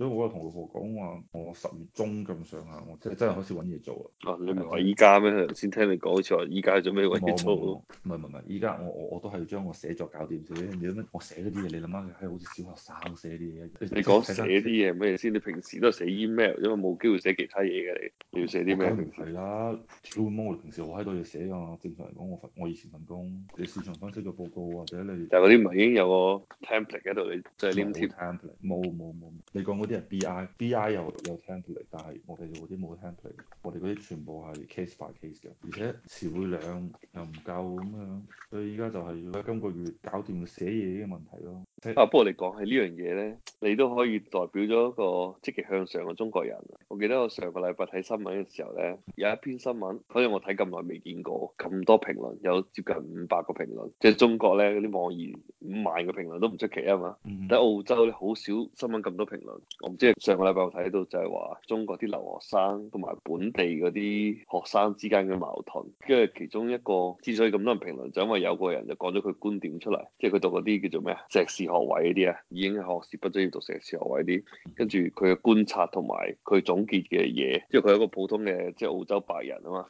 所以我同老婆講話，我十月中咁上下，我即係真係開始揾嘢做啊！啊，你唔係依家咩？先聽你講，好似話依家做咩揾嘢做咯？唔係唔係唔係，依家我我我都係將我寫作搞掂先。你諗咩？我寫嗰啲嘢，你諗下，係、哎、好似小學生寫啲嘢。你講寫啲嘢咩先？你平時都係寫 email，因為冇機會寫其他嘢嘅。你你要寫啲咩？係啦，超魔！我平時我喺度要寫啊嘛。正常嚟講，我份我以前份工，你市場分析嘅報告或者你，但係嗰啲唔係已經有個 template 喺度，你即係黏貼。冇 template，冇冇冇。你講啲人 BI，BI 又 BI 有，有 template，但係我哋嗰啲冇 template，我哋嗰啲全部係 case by case 嘅，而且詞彙量又唔夠咁樣，所以依家就係要喺今個月搞掂寫嘢嘅問題咯。啊！不過你講起呢樣嘢呢，你都可以代表咗一個積極向上嘅中國人。我記得我上個禮拜睇新聞嘅時候呢，有一篇新聞，反正我睇咁耐未見過咁多評論，有接近五百個評論，即係中國呢，嗰啲網易五萬個評論都唔出奇啊嘛。但澳洲咧，好少新聞咁多評論，我唔知係上個禮拜我睇到就係話中國啲留學生同埋本地嗰啲學生之間嘅矛盾，跟住其中一個之所以咁多人評論，就因為有個人就講咗佢觀點出嚟，即係佢讀嗰啲叫做咩啊碩士學位嗰啲啊，已經係學士畢咗業讀碩士學位啲，跟住佢嘅觀察同埋佢總結嘅嘢，即係佢係一個普通嘅即係澳洲白人啊嘛，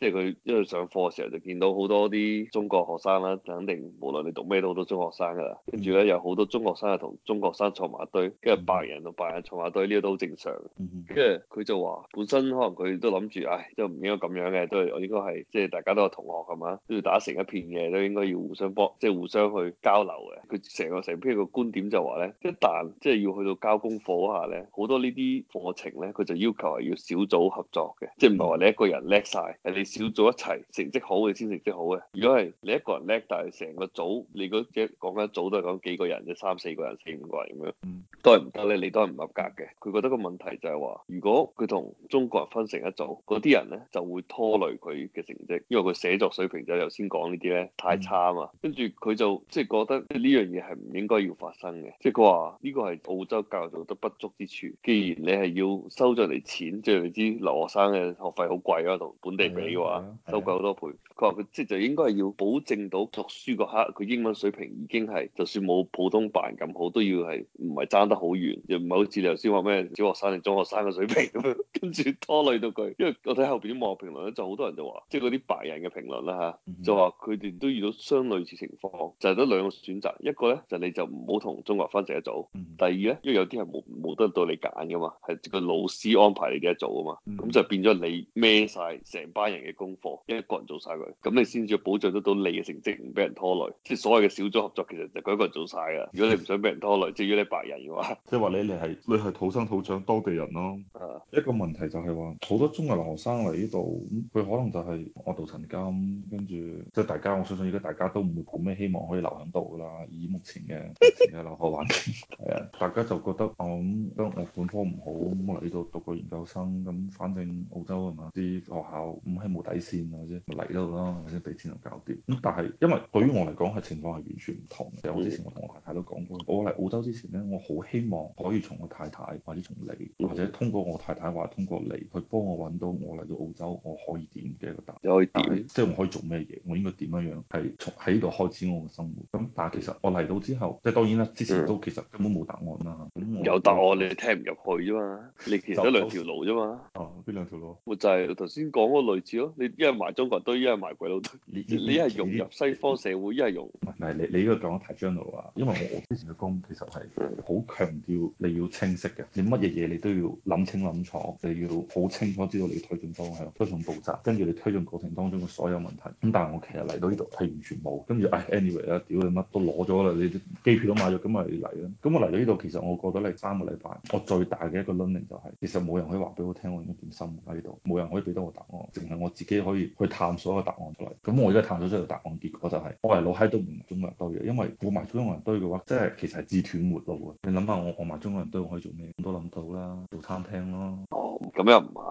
即係佢因為上課嘅時候就見到好多啲中國學生啦、啊，肯定無論你讀咩都好多中學生噶啦，跟住咧有好多中學生又同中學生坐埋一堆，跟住白人同白人坐埋堆，呢個都好正常。跟住佢就話本身可能佢都諗住，唉，即係唔應該咁樣嘅，都係我應該係即係大家都係同學係嘛，跟住打成一片嘅都應該要互相幫，即係互相去交流嘅。佢成個。成篇個觀點就話咧，一但即係要去到交功課下咧，好多呢啲課程咧，佢就要求係要小組合作嘅，即係唔係話你一個人叻晒，係你小組一齊成績好，你先成績好嘅。如果係你一個人叻，但係成個組你嗰即係講緊組都係講幾個人即三四個人四五個人咁樣，都係唔得咧，你都係唔合格嘅。佢覺得個問題就係話，如果佢同中國人分成一組，嗰啲人咧就會拖累佢嘅成績，因為佢寫作水平就頭先講呢啲咧太差啊嘛。跟住佢就即係覺得呢樣嘢係唔應該要發生嘅，即係佢話呢個係澳洲教育做得不足之處。既然你係要收咗人哋錢，即係你知留學生嘅學費好貴咯、啊，同本地比嘅話，yeah, yeah, yeah. 收貴好多倍。佢話佢即係就是、應該係要保證到讀書嗰刻佢英文水平已經係，就算冇普通白人咁好，都要係唔係爭得好遠，又唔係好似你頭先話咩小學生定中學生嘅水平咁樣， 跟住拖累到佢。因為我睇後邊啲網絡評論咧，就好多人就話，即係嗰啲白人嘅評論啦吓，mm hmm. 就話佢哋都遇到相類似情況，就係得兩個選擇，一個咧就是。你就唔好同中國分成一組。第二咧，因為有啲人冇冇得到你揀噶嘛，係個老師安排你哋一組啊嘛。咁、嗯、就變咗你孭晒成班人嘅功課，因為一個人做晒佢。咁你先至保障得到你嘅成績唔俾人拖累。即係所謂嘅小組合作，其實就佢一個人做晒噶。如果你唔想俾人拖累，至於 你白人嘅話，即係話你你係你係土生土長當地人咯、啊。Uh, 一個問題就係話，好多中國留學生嚟呢度，佢可能就係落地生根，跟住即係大家我相信而家大家都唔會抱咩希望可以留喺度啦。以目前嘅嘅留學環境，係啊，大家就覺得啊，咁、嗯、我本科唔好，咁嚟到讀個研究生，咁反正澳洲係嘛啲學校咁係冇底線或者嚟到啦，或者俾錢就搞掂。咁、嗯、但係因為對於我嚟講係情況係完全唔同嘅。其實我之前我同我太太都講過，我嚟澳洲之前咧，我好希望可以從我太太或者從你，或者通過我太太或通過你，去幫我揾到我嚟到澳洲我可以點嘅一個答，可以點，即係我可以做咩嘢，我應該點樣樣，係從喺呢度開始我嘅生活。咁但係其實我嚟到之後。即係當然啦，之前都其實根本冇答案啦。有答案你聽唔入去啫嘛，就你其實得兩條路啫嘛。哦、啊，邊兩條路？咪就係頭先講嗰類似咯。你一係埋中國人堆，一係埋鬼佬堆。你你一係融入西方社會，一係融唔你你呢個講得太 general 啦因為我之前嘅工其實係好強調你要清晰嘅，你乜嘢嘢你都要諗清諗楚，你要好清楚知道你嘅推進方向、推進步驟，跟住你推進過程當中嘅所有問題。咁但係我其實嚟到呢度係完全冇，跟住誒 anyway 啦，屌你乜都攞咗啦，你啲。你機票都買咗，咁咪嚟啦。咁我嚟到呢度，其實我過咗嚟三個禮拜，我最大嘅一個 learning 就係、是，其實冇人可以話俾我聽，我應該點生活喺呢度，冇人可以俾得我答案，淨係我自己可以去探索一個答案出嚟。咁我而家探索出嚟答案，結果就係、是、我係老閪都唔中國人堆嘅，因為做埋中國人堆嘅話，即係其實係自斷活路啊。你諗下，我我埋中國人堆，我可以做咩？都諗到啦，做餐廳咯。咁又唔係，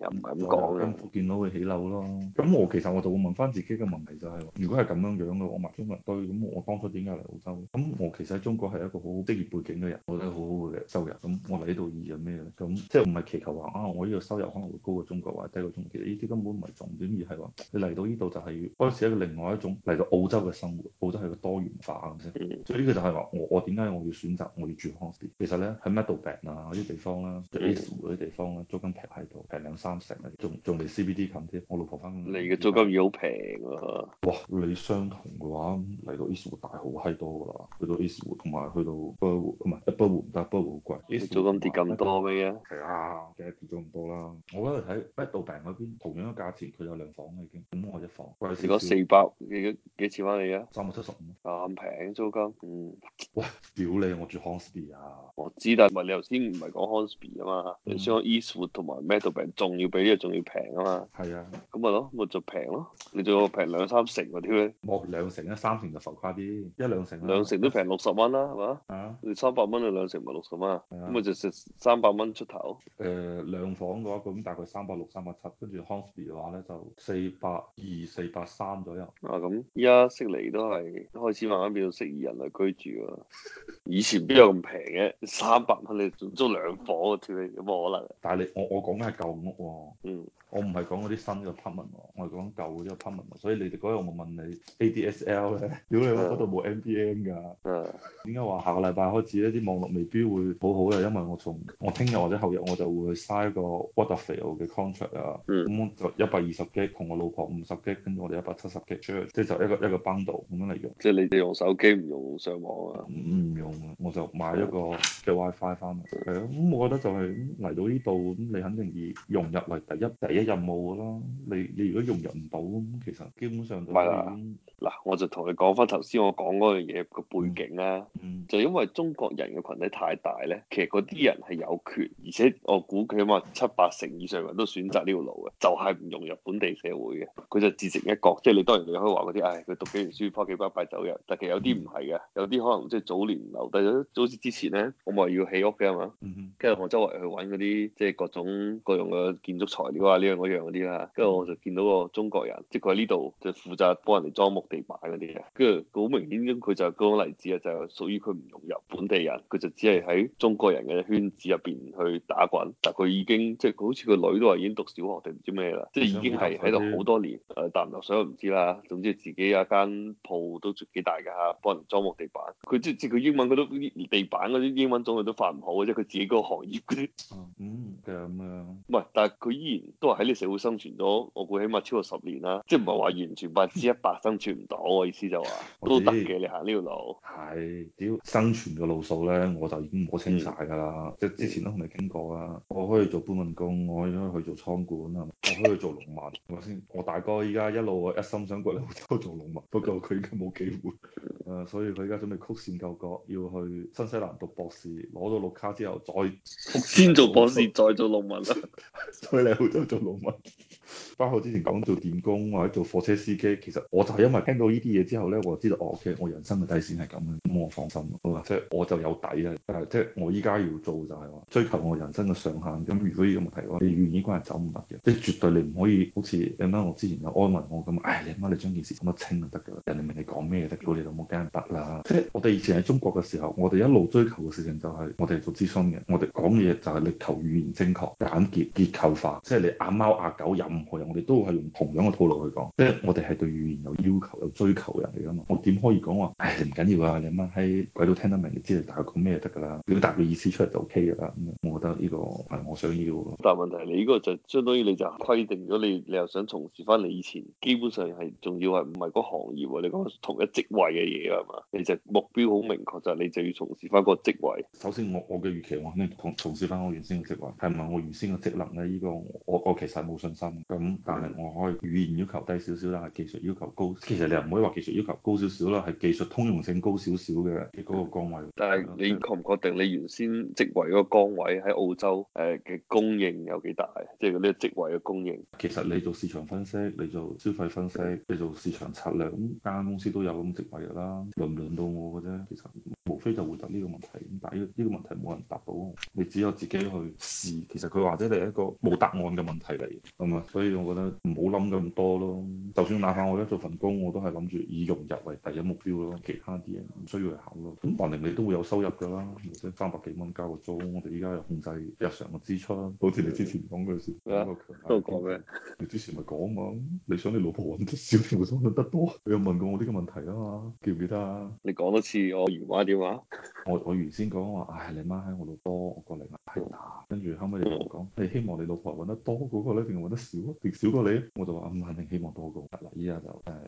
又唔係咁講嘅。見到佢起樓咯。咁我其實我就會問翻自己嘅問題就係話，如果係咁樣樣嘅，我埋堆埋堆，咁我當初點解嚟澳洲？咁我其實喺中國係一個好好職業背景嘅人，我覺得好好嘅收入。咁我嚟呢度意義係咩咧？咁即係唔係祈求話啊，我呢個收入可能會高過中國或者低過中國。其實呢啲根本唔係重點，而係話你嚟到呢度就係開始一個另外一種嚟到澳洲嘅生活。澳洲係個多元化咁啫。嗯、所以呢個就係話：我我點解我要選擇我要住康斯？其實咧喺 MedBed 啊嗰啲地方啦 East 嗰啲地方、啊租金平喺度，平兩三成啊！仲仲嚟 CBD 近啲，我老婆翻嚟嘅租金要好平喎、啊。哇！你相同嘅話嚟到 Eastwood 大好閪、就是、多噶啦，去到 Eastwood 同埋去到 b b u 不唔係一不活唔得，不活好貴。租金跌咁多咩？係啊，跌咗咁多啦。我喺度睇畢道平嗰邊同樣嘅價錢，佢有兩房已經咁、嗯、我一房。如果四百幾幾千蚊嚟嘅，三百七十五咁平租金。嗯，哇屌 你！我住 Hornsby 啊，我知，但係你頭先唔係講 Hornsby 啊嘛，你想 Eastwood？同埋 MedBed 仲要比呢個仲要平啊嘛，係啊，咁咪咯，咪就平咯，你仲要平兩三成喎，添咧，冇兩成啊，三成就浮誇啲，一兩成、啊，兩成都平六十蚊啦，係嘛，啊，啊啊你三百蚊你兩成咪六十蚊，咁咪、啊、就三百蚊出頭。誒、呃，兩房嘅話，咁大概三百六、三百七，跟住 Hornsby 嘅話咧就四百二、四百三左右。啊，咁依家悉尼都係開始慢慢變到適宜人類居住啊。以前邊有咁平嘅三百蚊你租兩房㗎，條你冇可能。但你我我講嘅係舊屋喎，我唔係講嗰啲新嘅 plan 喎，我係講舊嗰啲 plan 喎，所以你哋嗰日我冇問你 ADSL 咧，如果你，嗰度冇 m t m 㗎，點解話下個禮拜開始呢啲網絡未必會好好嘅，因為我從我聽日或者後日我就會嘥一個 Whatsapp 嘅 contract 啊，咁、嗯嗯、就一百二十 G 同我老婆五十 G，跟住我哋一百七十 G 出去，即係就是、一個一個 bundle 咁樣嚟用。即係你哋用手機唔用上網啊？唔用啊，我就買一個嘅 WiFi 翻嚟。係啊，咁、嗯、我覺得就係嚟到呢度。咁你肯定以融入為第一第一任務嘅啦。你你如果融入唔到，咁其實基本上就係啦。嗱，我就同你講翻頭先我講嗰樣嘢個背景啦、啊。嗯、就因為中國人嘅群體太大咧，其實嗰啲人係有權，而且我估佢起碼七八成以上人都選擇呢條路嘅，嗯、就係唔融入本地社會嘅。佢就自成一國。即係你當然你可以話嗰啲，唉、哎，佢讀幾年書，拖幾巴閉走嘅。但其實有啲唔係嘅，嗯、有啲可能即係早年留低咗，早之前咧，我咪要起屋嘅嘛。跟住我周圍去揾嗰啲，即係各種各樣嘅建築材料啊，呢樣嗰樣嗰啲啦。跟住我就見到個中國人，即係佢喺呢度就負責幫人哋裝木地板嗰啲嘅。跟住好明顯佢就嗰個例子啊，就屬於佢唔融入本地人，佢就只係喺中國人嘅圈子入邊去打滾。但佢已經即係佢好似個女都話已經讀小學定唔知咩啦，即係已經係喺度好多年，誒、呃，但唔落水我唔知啦。總之自己有一間鋪都幾大㗎嚇，幫人裝木地板。佢即係即佢英文佢都地板嗰啲英文種類都發唔好即啫，佢自己個。行業嗰啲，嗯，咁樣、啊。唔係，但係佢依然都係喺呢社會生存咗，我估起碼超過十年啦、啊。即係唔係話完全百分之一百生存唔到，我意思就話，都得嘅。 你行呢條路，係，只要生存嘅路數咧，我就已經摸清曬㗎啦。即係 之前都同你傾過啦，我可以做搬運工，我可以去做倉管，我可以做農民。我先，我大哥依家一路一心想過嚟澳洲做農民，不過佢依家冇機會。 誒，所以佢而家準備曲線救國，要去新西蘭讀博士，攞到綠卡之後再先做博士，再 做農民啦。以你澳洲做農民。包括之前講做電工或者做貨車司機，其實我就係因為聽到呢啲嘢之後咧，我就知道哦嘅，okay, 我人生嘅底線係咁嘅。冇我放心好啦，即係我就有底啦。誒，即係我依家要做就係話追求我人生嘅上限。咁如果呢個問題話，我你語言關係走唔得嘅，即係絕對你唔可以好似阿媽我之前有安慰我咁，唉，你阿媽你將件事講得清就得嘅啦，人哋明你講咩得，到你都冇間得啦。即係我哋以前喺中國嘅時候，我哋一路追求嘅事情就係我哋做諮詢嘅，我哋講嘢就係力求語言正確、簡潔、結構化。即係你阿貓阿狗任何人，我哋都係用同樣嘅套路去講。即係我哋係對語言有要求、有追求人嚟噶嘛。我點可以講話誒唔緊要啊？你喺鬼都聽得明，你知你大概講咩就得噶啦，表達個意思出嚟就 O K 噶啦。咁我覺得呢個係我想要。但問題你呢個就相當於你就規定咗你，你又想從事翻你以前基本上係仲要係唔係嗰行業？你講同一職位嘅嘢係嘛？其實目標好明確，就係你就要從事翻個職位。首先我我嘅預期我肯定從從事翻我原先嘅職位，係咪？我原先嘅職能咧？呢個我我其實冇信心。咁但係我可以語言要求低少少啦，技術要求高。其實你又唔可以話技術要求高少少啦，係技術通用性高少少。嘅，啲嗰個崗位。但係你確唔確定你原先職位嗰個崗位喺澳洲誒嘅供應有幾大？即係嗰啲職位嘅供應。其實你做市場分析，你做消費分析，你做市場策略，間間公司都有咁職位㗎啦，輪唔輪到我嘅啫，其實。無非就回答呢個問題，咁但係呢個呢個問題冇人答到，你只有自己去試。其實佢或者你係一個冇答案嘅問題嚟，係嘛？所以我覺得唔好諗咁多咯。就算哪怕我一做份工，我都係諗住以融入為第一目標咯。其他啲嘢唔需要去考咯。咁橫掂你都會有收入㗎啦，或者三百幾蚊交個租。我哋依家又控制日常嘅支出啦。好似你之前講嗰時，你啊的額都講咩？你之前咪講嘛？你想你老婆揾得少定我揾得多？你有問過我呢個問題啊嘛？記唔記得啊？你講多次我原話。我我原先講話，唉，你媽喺我度多，我過嚟啊，跟住後尾你同我講，你希望你老婆揾得多嗰個咧？定揾得少啊？定少過你咧？我就話，嗯，肯定希望多過啦。依家就誒。欸